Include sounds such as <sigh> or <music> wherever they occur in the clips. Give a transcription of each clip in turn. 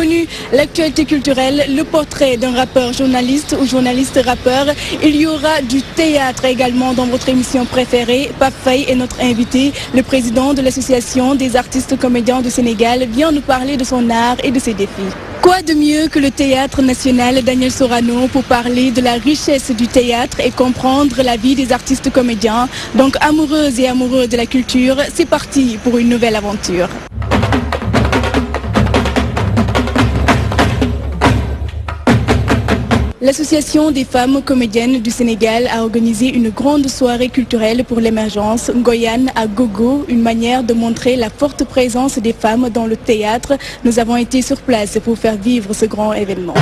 Connu l'actualité culturelle, le portrait d'un rappeur journaliste ou journaliste rappeur. Il y aura du théâtre également dans votre émission préférée. Pape est notre invité. Le président de l'association des artistes comédiens du Sénégal vient nous parler de son art et de ses défis. Quoi de mieux que le théâtre national Daniel Sorano pour parler de la richesse du théâtre et comprendre la vie des artistes comédiens. Donc amoureuses et amoureux de la culture, c'est parti pour une nouvelle aventure. L'association des femmes comédiennes du Sénégal a organisé une grande soirée culturelle pour l'émergence Goyane à Gogo, une manière de montrer la forte présence des femmes dans le théâtre. Nous avons été sur place pour faire vivre ce grand événement.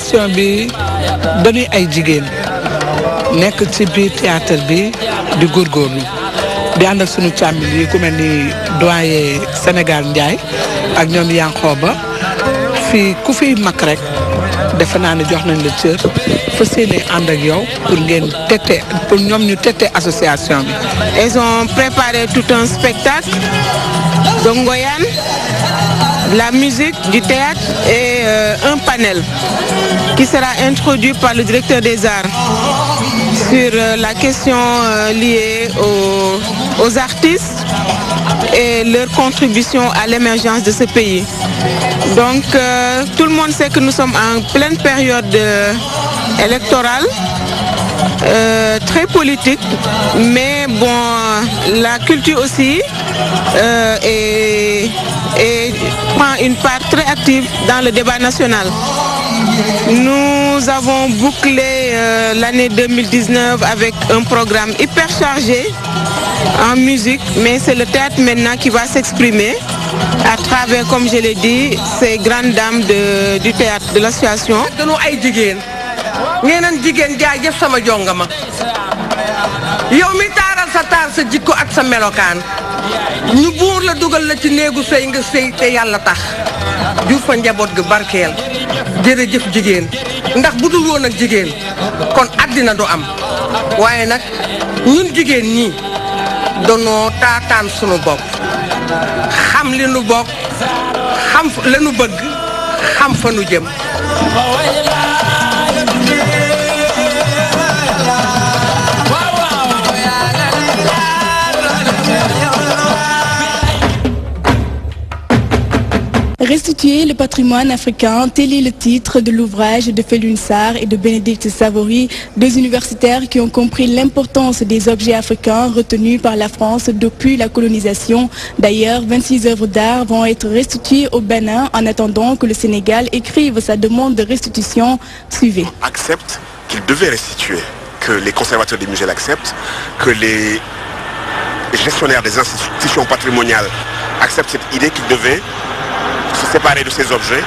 formation bi dañuy ay jigéen nekk ci biir théâtre bi di góorgóorlu di ànd ak suñu càmmil yi ku mel ni doyen Sénégal Ndiaye ak ñoom Yankhoba fii ku fi mag rek defe naa ne jox nañ la cër fa séene ànd ak yow pour ngeen tete pour ñoom ñu tete association bi. ils ont préparé tout un spectacle de Ngoyane la musique du théâtre et euh, un panel qui sera introduit par le directeur des arts sur euh, la question euh, liée aux, artistes et leur contribution à l'émergence de ce pays. Donc tout le monde sait que nous sommes en pleine période électorale. très politique, mais bon, la culture aussi est prend une part très active dans le débat national. Nous avons bouclé euh, l'année 2019 avec un programme hyper chargé en musique, mais c'est le théâtre maintenant qui va s'exprimer à travers, comme je l'ai dit, ces grandes dames du théâtre, de l'association. ñu buur la dugal la ci néegu sëy nga sëy te yàlla tax jur fa njaboot gi barkeel jërëjëf jigéen ndax bu dul woon ak jigéen kon àddina du am waaye nag ñun jigéen ñi danoo taataan sunu bopp xam li nu bokk xam la bëgg xam fa nu jëm Restituer le patrimoine africain, tel est le titre de l'ouvrage de Félix Sarr et de Bénédicte Savory, deux universitaires qui ont compris l'importance des objets africains retenus par la France depuis la colonisation. D'ailleurs, 26 œuvres d'art vont être restituées au Bénin en attendant que le Sénégal écrive sa demande de restitution. Suivez. accepte qu'il devait restituer, que les conservateurs des musées l'acceptent, que les gestionnaires des institutions patrimoniales acceptent cette idée qu'il devait se séparer de ces objets,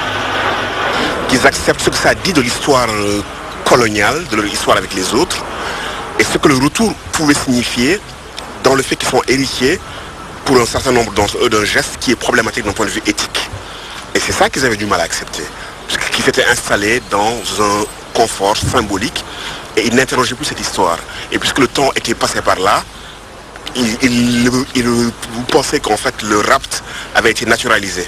qu'ils acceptent ce que ça dit de l'histoire euh, coloniale, de leur avec les autres, et ce que le retour pouvait signifier dans le fait qu'ils sont héritiers pour un certain nombre d'entre eux d'un geste qui est problématique d'un point de vue éthique. Et c'est ça qu'ils avaient du mal à accepter, parce qu'ils s'étaient installés dans un confort symbolique et ils n'interrogeaient plus cette histoire. Et puisque le temps était passé par là, ils, ils pensaient qu'en fait le rapt avait été naturalisé.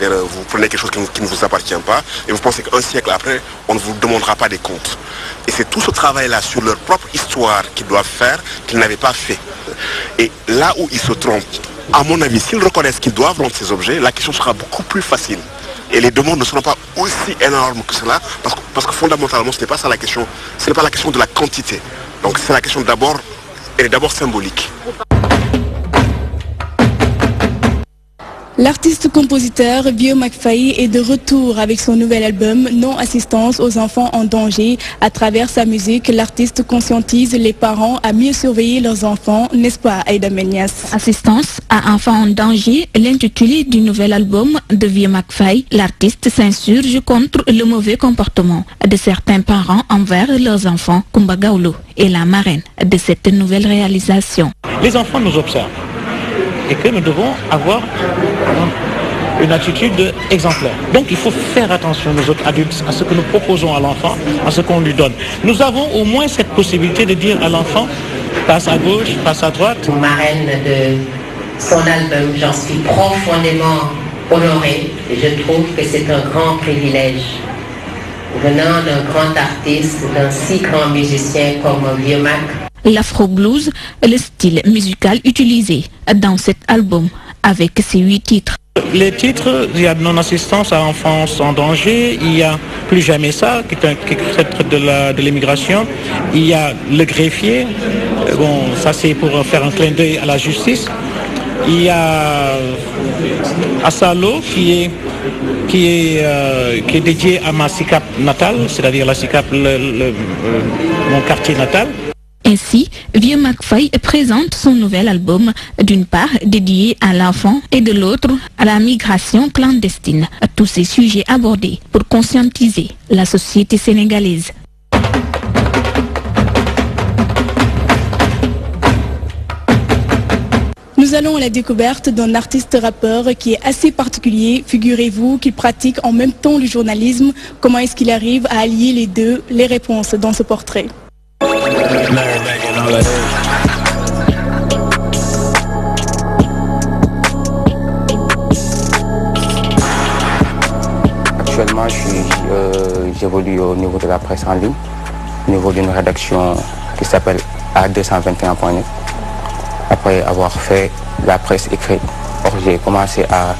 Euh, vous prenez quelque chose qui, ne vous appartient pas et vous pensez qu'un siècle après, on ne vous demandera pas des comptes. Et c'est tout ce travail-là sur leur propre histoire qu'ils doivent faire, qu'ils n'avaient pas fait. Et là où ils se trompent, à mon avis, s'ils reconnaissent qu'ils doivent rendre ces objets, la question sera beaucoup plus facile. Et les demandes ne seront pas aussi énormes que cela, parce que, fondamentalement, ce n'est pas ça la question. Ce n'est pas la question de la quantité. Donc c'est la question d'abord, elle d'abord symbolique. L'artiste-compositeur Vio McFay est de retour avec son nouvel album Non-assistance aux enfants en danger. À travers sa musique, l'artiste conscientise les parents à mieux surveiller leurs enfants, n'est-ce pas Aida Menias Assistance à enfants en danger, l'intitulé du nouvel album de Vio McFay, l'artiste s'insurge contre le mauvais comportement de certains parents envers leurs enfants. Kumbagaolo est la marraine de cette nouvelle réalisation. Les enfants nous observent et que nous devons avoir une attitude exemplaire. Donc il faut faire attention, nous autres adultes, à ce que nous proposons à l'enfant, à ce qu'on lui donne. Nous avons au moins cette possibilité de dire à l'enfant, passe à gauche, passe à droite. Marraine de son album, j'en suis profondément honorée. Je trouve que c'est un grand privilège. Venant d'un grand artiste, d'un si grand musicien comme Biomac l'afro blues, le style musical utilisé dans cet album avec ses huit titres. Les titres, il y a non-assistance à enfance en danger, il y a plus jamais ça, qui est un titre de l'immigration, il y a le greffier, euh, bon, ça c'est pour faire un clin d'œil à la justice, il y a Asalo qui est, qui est, euh, qui est dédié à ma SICAP natale, c'est-à-dire la SICAP, euh, mon quartier natal. Ainsi, Vieux McFay présente son nouvel album, d'une part dédié à l'enfant et de l'autre à la migration clandestine. Tous ces sujets abordés pour conscientiser la société sénégalaise. Nous allons à la découverte d'un artiste rappeur qui est assez particulier. Figurez-vous qu'il pratique en même temps le journalisme. Comment est-ce qu'il arrive à allier les deux Les réponses dans ce portrait. Actuellement, euh, j'évolue au niveau de la presse en ligne, au niveau d'une rédaction qui s'appelle A221.net. Après avoir fait la presse écrite, j'ai commencé à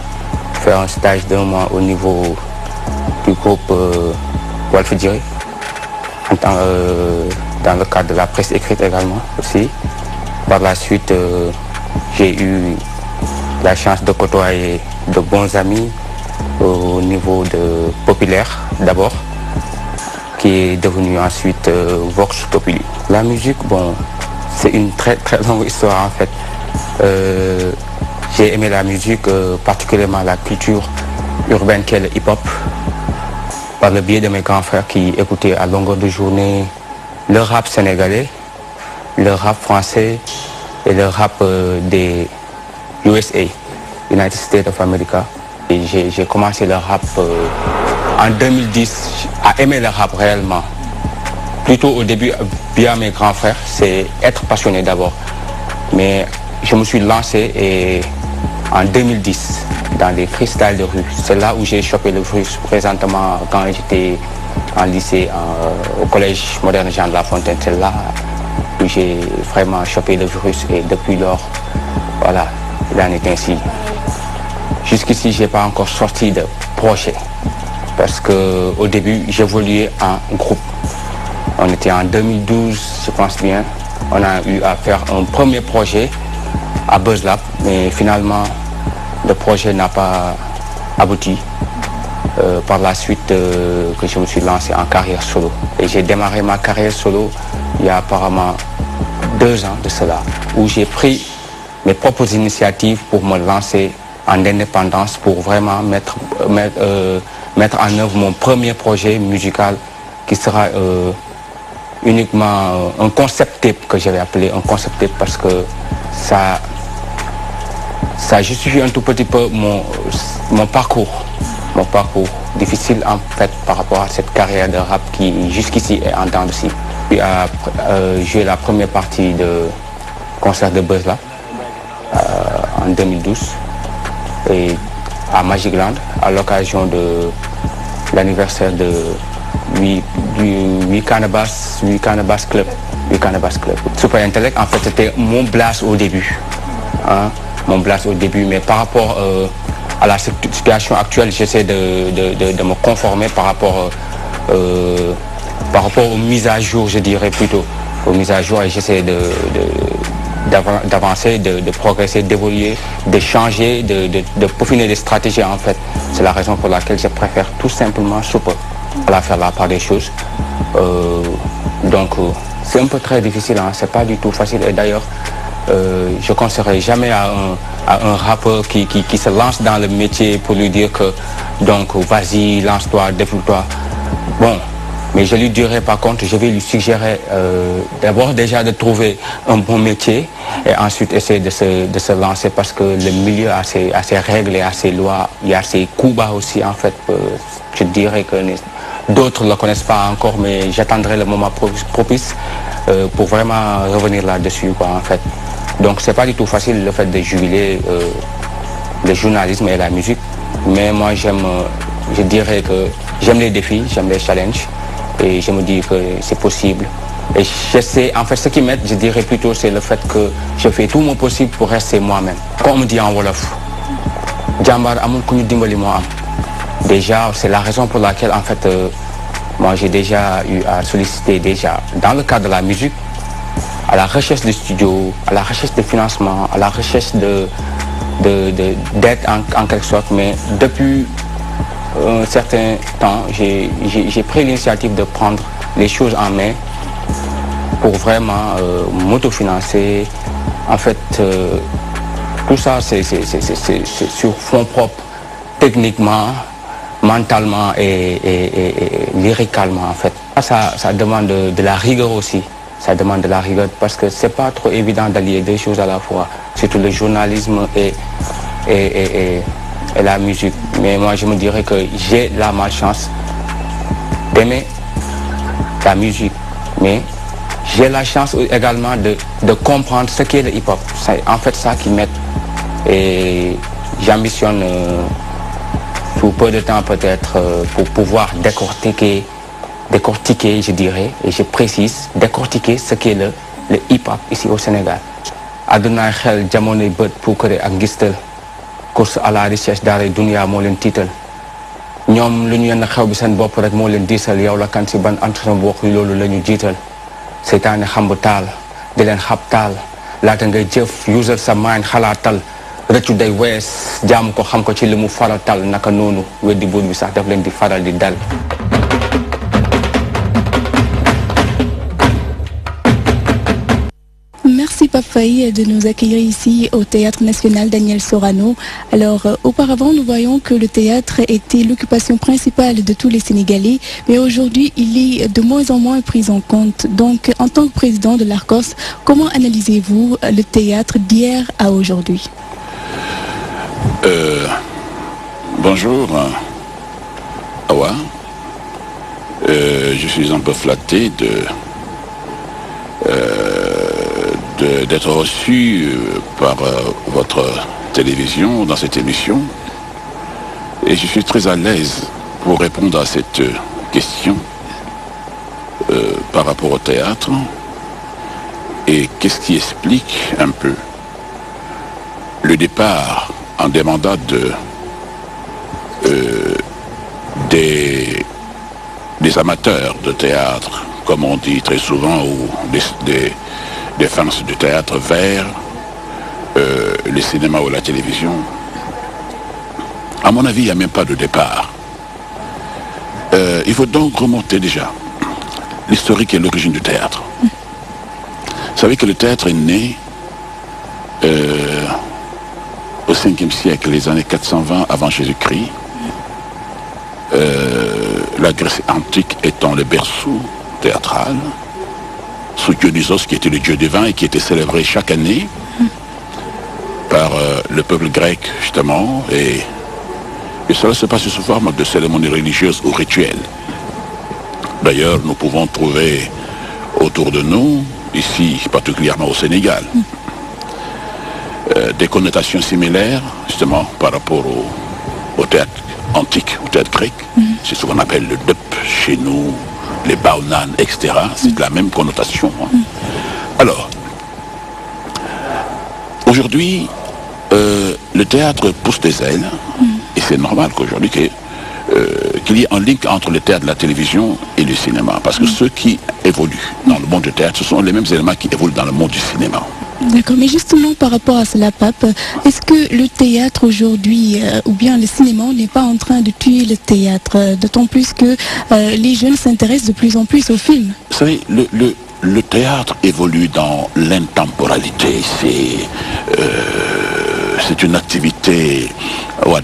faire un stage d'un mois au niveau du groupe euh, Wolf dans le cadre de la presse écrite également aussi. Par la suite, euh, j'ai eu la chance de côtoyer de bons amis au niveau de Populaire d'abord, qui est devenu ensuite euh, Vox Populi. La musique, bon, c'est une très très longue histoire en fait. Euh, j'ai aimé la musique, particulièrement la culture urbaine qu'est le hip-hop, par le biais de mes grands frères qui écoutaient à longueur de journée le rap sénégalais, le rap français et le rap euh, des USA, United States of America. J'ai commencé le rap euh, en 2010, à aimer le rap réellement. Plutôt au début, via mes grands frères, c'est être passionné d'abord. Mais je me suis lancé en 2010 dans les cristals de rue. C'est là où j'ai chopé le virus présentement quand j'étais en lycée, au collège moderne Jean de la Fontaine. C'est là où j'ai vraiment chopé le virus et depuis lors, voilà, il en est ainsi. Jusqu'ici, je n'ai pas encore sorti de projet parce qu'au début, j'évoluais en groupe. On était en 2012, je pense bien. On a eu à faire un premier projet à BuzzLab, mais finalement, le projet n'a pas abouti. Euh, par la suite euh, que je me suis lancé en carrière solo. Et j'ai démarré ma carrière solo il y a apparemment deux ans de cela, où j'ai pris mes propres initiatives pour me lancer en indépendance, pour vraiment mettre, mettre, euh, en œuvre mon premier projet musical qui sera uniquement un concept tape que j'avais appelé un concept tape parce que ça, ça justifie un tout petit peu mon parcours parcours difficile en fait par rapport à cette carrière de rap qui jusqu'ici est en temps de Puis euh, euh, joué la première partie de concert de buzz euh, en 2012 et à land à l'occasion de l'anniversaire de lui, du, Cannabis, Cannabis Club. Cannabis Club. Super Intellect, en fait, c'était mon blast au début. Hein. Mon blast au début, mais par rapport euh, à la situation actuelle, j'essaie de, me conformer par rapport, euh, par rapport aux mises à jour, je dirais plutôt, aux mises à jour et j'essaie de, d'avancer, de, progresser, d'évoluer, de changer, de, peaufiner des stratégies en fait. C'est la raison pour laquelle je préfère tout simplement souper à la faire la part des choses. Euh, donc euh, c'est un peu très difficile, hein. c'est pas du tout facile. Et d'ailleurs, euh, je ne conseillerais jamais à un, rappeur qui, se lance dans le métier pour lui dire que donc vas-y, lance-toi, développe-toi. Bon, mais je lui dirais par contre, je vais lui suggérer euh, d'abord déjà de trouver un bon métier et ensuite essayer de se, lancer parce que le milieu a ses, règles et ses lois, il y a ses coups bas aussi en fait. Euh, je dirais que d'autres ne le connaissent pas encore, mais j'attendrai le moment propice euh, pour vraiment revenir là-dessus, quoi, en fait. Donc, c'est pas du tout facile le fait de jubiler euh, le journalisme et la musique. Mais moi, j'aime, euh, je dirais que j'aime les défis, j'aime les challenges. Et je me dis que c'est possible. Et je sais, en fait, ce qui m'aide, je dirais plutôt, c'est le fait que je fais tout mon possible pour rester moi-même. Comme on me dit en Wolof, Jambar Amul Déjà, c'est la raison pour laquelle, en fait, moi, j'ai déjà eu à solliciter déjà, dans le cadre de la musique, à la recherche de studio, à la recherche de financement, à la recherche de d'aide en, en, quelque sorte. Mais depuis un certain temps, j'ai pris l'initiative de prendre les choses en main pour vraiment euh, m'autofinancer. En fait, euh, tout ça, c'est sur fond propre, techniquement, mentalement et, et, lyricalement en fait. Ah, ça, ça demande de, la rigueur aussi. Ça demande de la rigueur parce que c'est pas trop évident d'allier deux choses à la fois, surtout le journalisme et, et, la musique. Mais moi je me dirais que j'ai la malchance d'aimer la musique, mais j'ai la chance également de, comprendre ce qu'est le hip-hop. C'est en fait ça qui m'aide et j'ambitionne. Euh, pour peu de temps peut-être euh, pour pouvoir décortiquer, décortiquer, je dirais, et je précise, décortiquer ce qu'est le, le hip-hop ici au Sénégal. Aduna xel jamono pour pour ak ngistal course à la recherche daaray dunia moo leen tiital ñoom lu ñu yenn xew bi seen bopp rek moo leen diisal yow la kan ban entraînement bu wax loolu la C'est jiital seytaane di leen xab sa main Khalatal. Merci Papaï de nous accueillir ici au Théâtre National Daniel Sorano. Alors euh, auparavant nous voyons que le théâtre était l'occupation principale de tous les Sénégalais mais aujourd'hui il est de moins en moins pris en compte. Donc en tant que président de l'ARCOS, comment analysez-vous le théâtre d'hier à aujourd'hui? Euh, bonjour, Awa. Euh, je suis un peu flatté de euh, d'être reçu euh, par votre télévision dans cette émission. Et je suis très à l'aise pour répondre à cette question par rapport au théâtre. Et qu'est-ce qui explique un peu le départ en mandats de, euh, des, des, amateurs de théâtre, comme on dit très souvent, ou des, des, fans du théâtre vers euh, le cinéma ou la télévision. À mon avis, il n'y a même pas de départ. Euh, il faut donc remonter déjà l'historique et l'origine du théâtre. Vous savez que le théâtre est né euh, au 5e siècle, les années 420 avant Jésus-Christ, euh, la Grèce antique étant le berceau théâtral, sous Dionysos qui était le dieu des et qui était célébré chaque année par euh, le peuple grec justement et, et cela se passe sous forme de cérémonies religieuses ou rituelles. D'ailleurs, nous pouvons trouver autour de nous, ici particulièrement au Sénégal, euh, des connotations similaires, justement, par rapport au, théâtre antique, au théâtre grec. Mhm. C'est ce qu'on appelle le dup chez nous, les baunan, etc. C'est mhm. la même connotation. Hein. Mhm. Alors, aujourd'hui, euh, le théâtre pousse des ailes, et c'est normal qu'aujourd'hui, euh, qu'il y ait un lien entre le théâtre, la télévision et le cinéma. Parce que ceux qui évoluent dans le monde du théâtre, ce sont les mêmes éléments qui évoluent dans le monde du cinéma. D'accord, mais justement par rapport à cela, Pape, est-ce que le théâtre aujourd'hui, euh, ou bien le cinéma, n'est pas en train de tuer le théâtre euh, D'autant plus que euh, les jeunes s'intéressent de plus en plus au film. Vous savez, le, théâtre évolue dans l'intemporalité. C'est c'est une activité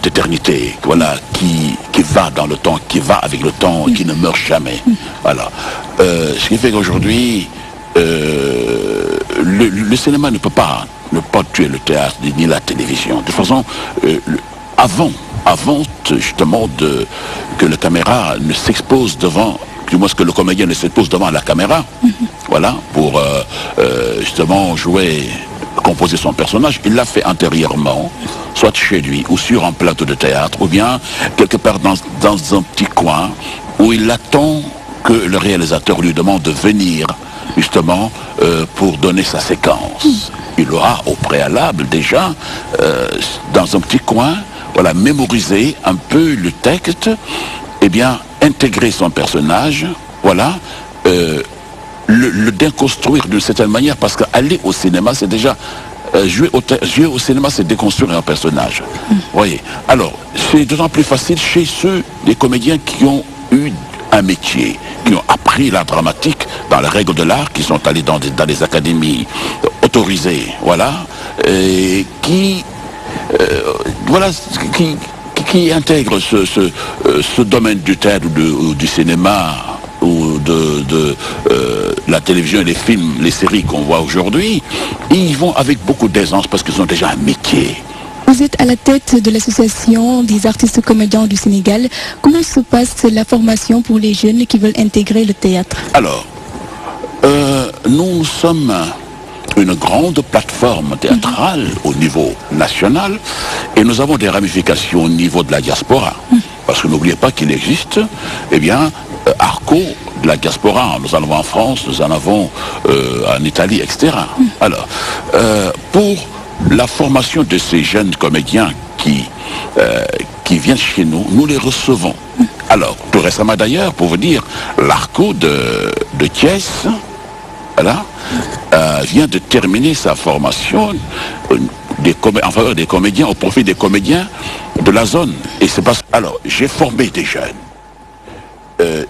d'éternité, voilà, qui, qui va dans le temps, qui va avec le temps, qui ne meurt jamais. Mmh. Voilà. ce qui fait qu'aujourd'hui, euh, le, cinéma ne peut pas ne pas tuer le théâtre ni la télévision. De toute façon, euh, avant, avant euh, justement que la caméra ne s'expose devant, du moins que le comédien ne s'expose devant la caméra, mhm. voilà, pour justement jouer, composer son personnage, il l'a fait intérieurement soit chez lui ou sur un plateau de théâtre, ou bien quelque part dans un petit coin où il attend que le réalisateur lui demande de venir justement euh, pour donner sa séquence. Il aura au préalable déjà, euh, dans un petit coin, voilà, mémorisé un peu le texte, et bien intégrer son personnage, voilà, euh, le, déconstruire d'une certaine manière, parce qu'aller au cinéma, c'est déjà jouer, au au cinéma, c'est déconstruire un personnage. Hmm. voyez. Alors, c'est d'autant plus facile chez ceux, des comédiens qui ont un métier, qui ont appris la dramatique dans les règles de l'art, qui sont allés dans des, dans des académies autorisées, voilà, et qui, euh, voilà, qui, qui ce, euh, ce, domaine du théâtre ou, du cinéma ou de, euh, la télévision et les films, les séries qu'on voit aujourd'hui, ils vont avec beaucoup d'aisance parce qu'ils ont déjà un métier vous êtes à la tête de l'association des artistes comédiens du Sénégal. Comment se passe la formation pour les jeunes qui veulent intégrer le théâtre Alors, euh, nous sommes une grande plateforme théâtrale mhm. au niveau national et nous avons des ramifications au niveau de la diaspora. Mhm. Parce que n'oubliez pas qu'il existe, eh bien, euh, Arco de la diaspora. Nous en avons en France, nous en avons euh, en Italie, etc. Mhm. Alors, pour la formation de ces jeunes comédiens euh, qui, viennent chez nous, nous les recevons. Alors, tout récemment d'ailleurs, pour vous dire, l'Arco de, de Thiès, euh, vient de terminer sa formation euh, en faveur des comédiens, au profit des comédiens de la zone. Et c'est alors, j'ai formé des jeunes.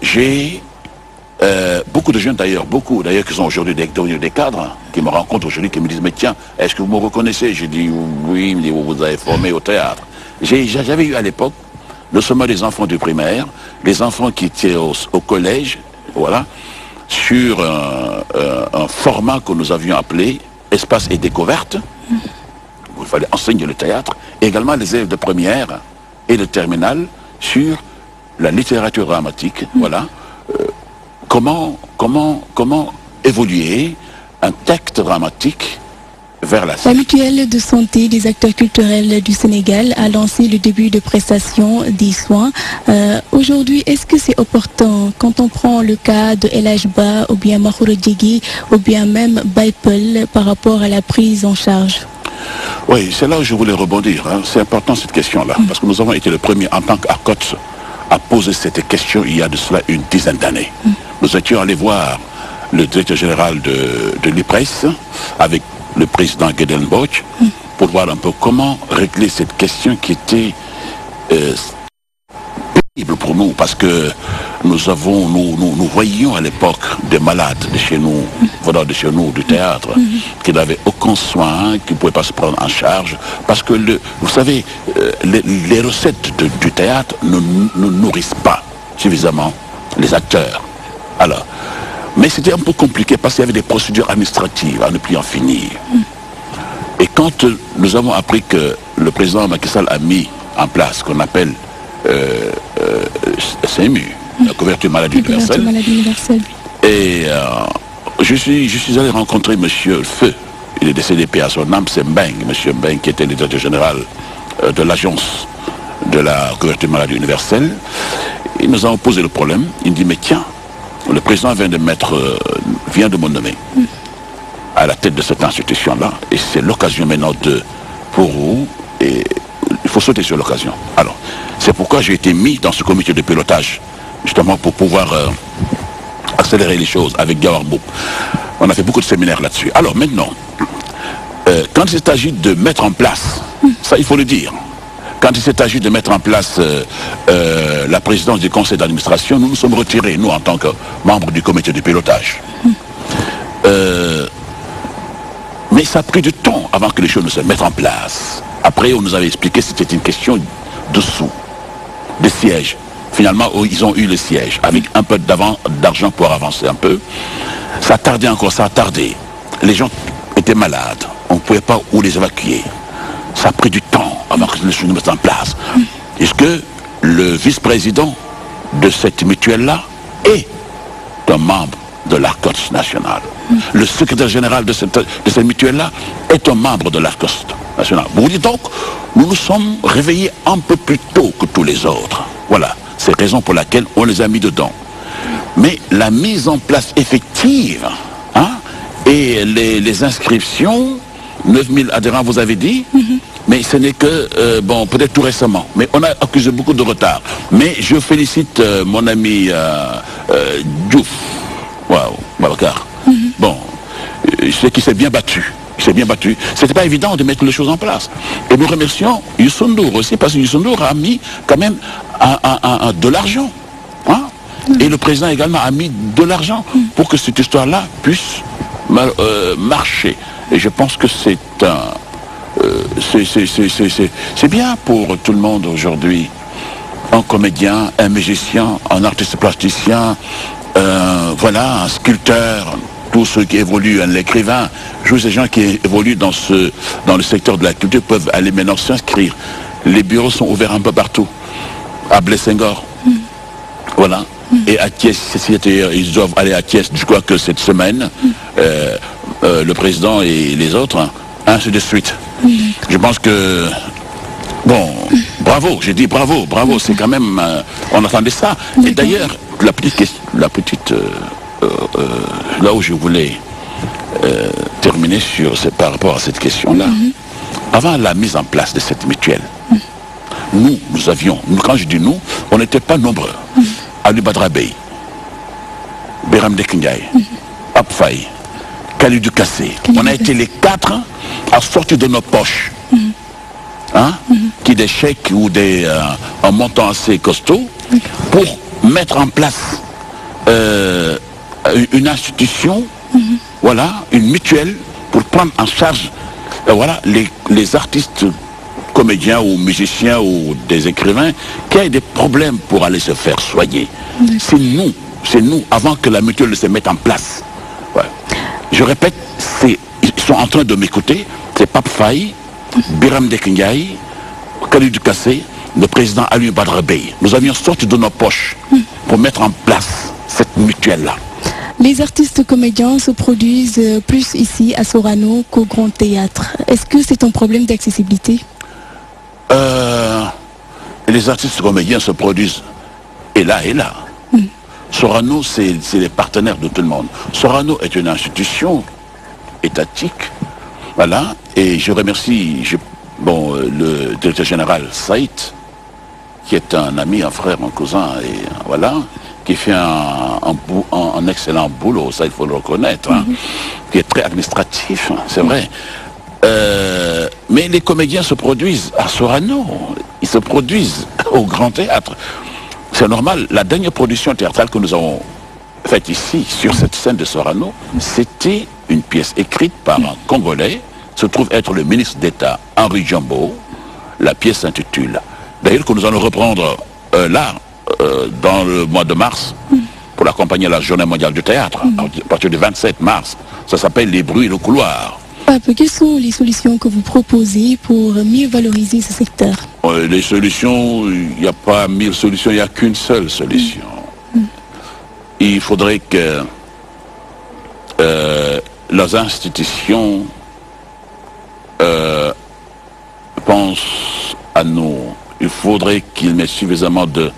j'ai euh, beaucoup de jeunes d'ailleurs, beaucoup d'ailleurs qui sont aujourd'hui des, devenus des cadres, hein, qui me rencontrent aujourd'hui, qui me disent, mais tiens, est-ce que vous me reconnaissez Je dis, oui, vous vous avez formé au théâtre. J'avais eu à l'époque le sommet des enfants du primaire, les enfants qui étaient au, collège, voilà, sur euh, un, format que nous avions appelé espace et découverte. Où il fallait enseigner le théâtre, et également les élèves de première et de terminale sur la littérature dramatique, voilà, comment, évoluer un texte dramatique vers la La mutuelle de santé des acteurs culturels du Sénégal a lancé le début de prestation des soins. Euh, aujourd'hui, est-ce que c'est opportun quand on prend le cas de El Ajba ou bien Mahoro ou bien même Baipel par rapport à la prise en charge Oui, c'est là où je voulais rebondir. Hein. C'est important cette question-là hum. parce que nous avons été le premier en tant qu'ACOTS à poser cette question il y a de cela une dizaine d'années. Hum. Nous étions allés voir le directeur général de, de e avec le président Gedenbosch pour voir un peu comment régler cette question qui était pénible euh, pour nous parce que nous avons, nous, nous, voyions à l'époque des malades de chez nous, voilà de chez nous, du théâtre, qui n'avaient aucun soin, qui ne pouvaient pas se prendre en charge, parce que, vous savez, euh, les, recettes du théâtre ne nourrissent pas suffisamment les acteurs. Alors, mais c'était un peu compliqué parce qu'il y avait des procédures administratives à ne plus en finir. Et quand euh, nous avons appris que le président Macky Sall a mis en place ce qu'on appelle CMU, euh, euh, la couverture maladie universelle, et je, suis, je suis allé rencontrer M. Feu, il est décédé à son âme, c'est Mbeng, M. Mbeng qui était le directeur général de l'agence de la couverture maladie universelle. Il nous a posé le problème, il dit mais tiens, le président euh, vient de me nommer à la tête de cette institution-là. Et c'est l'occasion maintenant de, pour vous, et il faut sauter sur l'occasion. Alors, c'est pourquoi j'ai été mis dans ce comité de pilotage, justement pour pouvoir euh, accélérer les choses avec Gawar On a fait beaucoup de séminaires là-dessus. Alors maintenant, euh, quand il s'agit de mettre en place, ça il faut le dire, quand il s'est agi de mettre en place euh, euh, la présidence du conseil d'administration, nous nous sommes retirés, nous, en tant que membres du comité de pilotage. Euh, mais ça a pris du temps avant que les choses ne se mettent en place. Après, on nous avait expliqué que c'était une question de sous, de sièges. Finalement, oh, ils ont eu le siège, avec un peu d'argent pour avancer un peu. Ça a tardé encore, ça a tardé. Les gens étaient malades. On ne pouvait pas où les évacuer. Ça a pris du temps avant que en place. Puisque le vice-président de cette mutuelle-là est un membre de la Côte Nationale. Le secrétaire général de cette, mutuelle-là est un membre de la national. Vous vous dites donc, nous nous sommes réveillés un peu plus tôt que tous les autres. Voilà, c'est raison pour laquelle on les a mis dedans. Mais la mise en place effective hein, et les, inscriptions, 9000 adhérents, vous avez dit, mhm mais ce n'est que, euh, bon, peut-être tout récemment, mais on a accusé beaucoup de retard. Mais je félicite euh, mon ami euh, euh Diouf, waouh, mhm. Bon, c'est qu'il s'est bien battu. Il s'est bien battu. C'était pas évident de mettre les choses en place. Et nous remercions Ndour aussi, parce que Ndour a mis quand même de l'argent. Hein. Mhm. Et le président également a mis de l'argent mhm. pour que cette histoire-là puisse marcher. Et je pense que c'est un c'est bien pour tout le monde aujourd'hui. Un comédien, un musicien, un artiste plasticien, euh, voilà, un sculpteur, tous ceux qui évoluent, un écrivain, tous ces gens qui évoluent dans, le secteur de la culture peuvent aller maintenant s'inscrire. Les bureaux sont ouverts un peu partout. À Blessingor. Mm. Voilà. Mm. Et à Thiès, ils doivent aller à Thiès, je crois que cette semaine, mm. euh, euh, le président et les autres, hein, ainsi de suite. Je pense que Bon, bravo, j'ai dit bravo, bravo, c'est quand même, euh, on attendait ça. Et d'ailleurs, la petite, la petite euh, euh, là où je voulais terminer sur, par rapport à cette question-là. Mhm. Avant la mise en place de cette mutuelle, mhm. nous, nous avions, nous, quand je dis nous, on n'était pas nombreux. à -hmm. Ali Badrabey, Beram on a été les quatre à sortir de nos poches. Mhm. Hein, mhm. qui des chèques ou des, montants euh, montant assez costaud pour mettre en place euh, une institution, mhm. voilà, une mutuelle pour prendre en charge euh, voilà, les, artistes comédiens ou musiciens ou des écrivains qui aient des problèmes pour aller se faire soigner. C'est nous, c'est nous, avant que la mutuelle ne se mette en place. Je répète, ils sont en train de m'écouter. C'est Pape Faye, Biram Dekingaï, Khalid Kassé, le président Ali Badrabey. Nous avions sorti de nos poches pour mettre en place cette mutuelle-là. Les artistes comédiens se produisent plus ici à Sorano qu'au Grand Théâtre. Est-ce que c'est un problème d'accessibilité euh, Les artistes comédiens se produisent et là et là. Sorano, c'est les partenaires de tout le monde. Sorano est une institution étatique, voilà, et je remercie je, bon, euh, le directeur général Saïd, qui est un ami, un frère, un cousin, et voilà, qui fait un, excellent boulot, ça il faut le reconnaître, hein, mhm. qui est très administratif, hein, c'est vrai. Euh, mais les comédiens se produisent à Sorano, ils se produisent au Grand Théâtre. C'est normal. La dernière production théâtrale que nous avons faite ici, sur cette scène de Sorano, c'était une pièce écrite par un Congolais, se trouve être le ministre d'État Henri Jumbo. La pièce s'intitule. D'ailleurs, que nous allons reprendre euh, là, euh, dans le mois de mars, pour l'accompagner à la Journée mondiale du théâtre, mm. à partir du 27 mars. Ça s'appelle Les bruits et le couloir quelles sont les solutions que vous proposez pour mieux valoriser ce secteur euh, Les solutions, il n'y a pas mille solutions, il n'y a qu'une seule solution. Mm. Il faudrait que euh, les institutions euh, pensent à nous. Il faudrait qu'il y ait suffisamment de,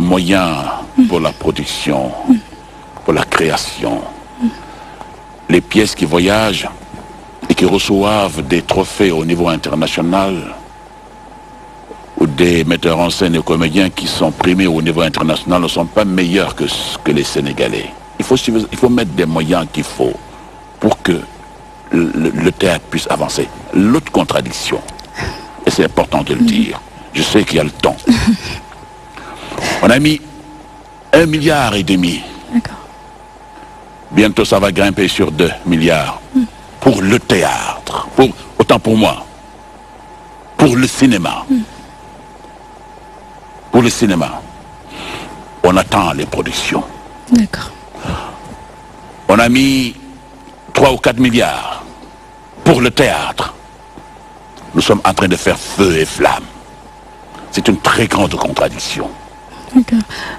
moyens mm. pour la production, mm. pour la création. Les pièces qui voyagent qui reçoivent des trophées au niveau international ou des metteurs en scène et comédiens qui sont primés au niveau international ne sont pas meilleurs que, que les Sénégalais. Il faut, il faut mettre des moyens qu'il faut pour que le, théâtre puisse avancer. L'autre contradiction, et c'est important de le mm-hmm. dire, je sais qu'il y a le temps. <laughs> On a mis un milliard et demi. Bientôt, ça va grimper sur deux milliards. Mm pour le théâtre, pour, autant pour moi, pour le cinéma. Pour le cinéma, on attend les productions. D'accord. On a mis 3 ou 4 milliards pour le théâtre. Nous sommes en train de faire feu et flamme. C'est une très grande contradiction.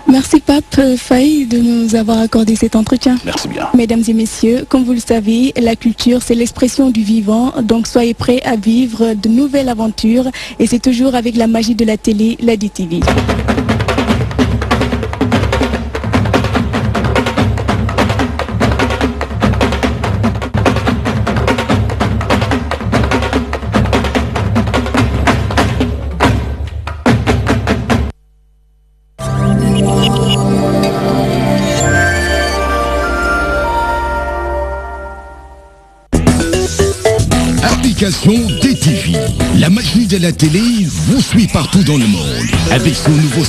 Merci Pape Faye de nous avoir accordé cet entretien. Merci bien. Mesdames et messieurs, comme vous le savez, la culture c'est l'expression du vivant, donc soyez prêts à vivre de nouvelles aventures et c'est toujours avec la magie de la télé, la DTV. l'application DTV. La magie de la télé vous suit partout dans le monde avec son nouveau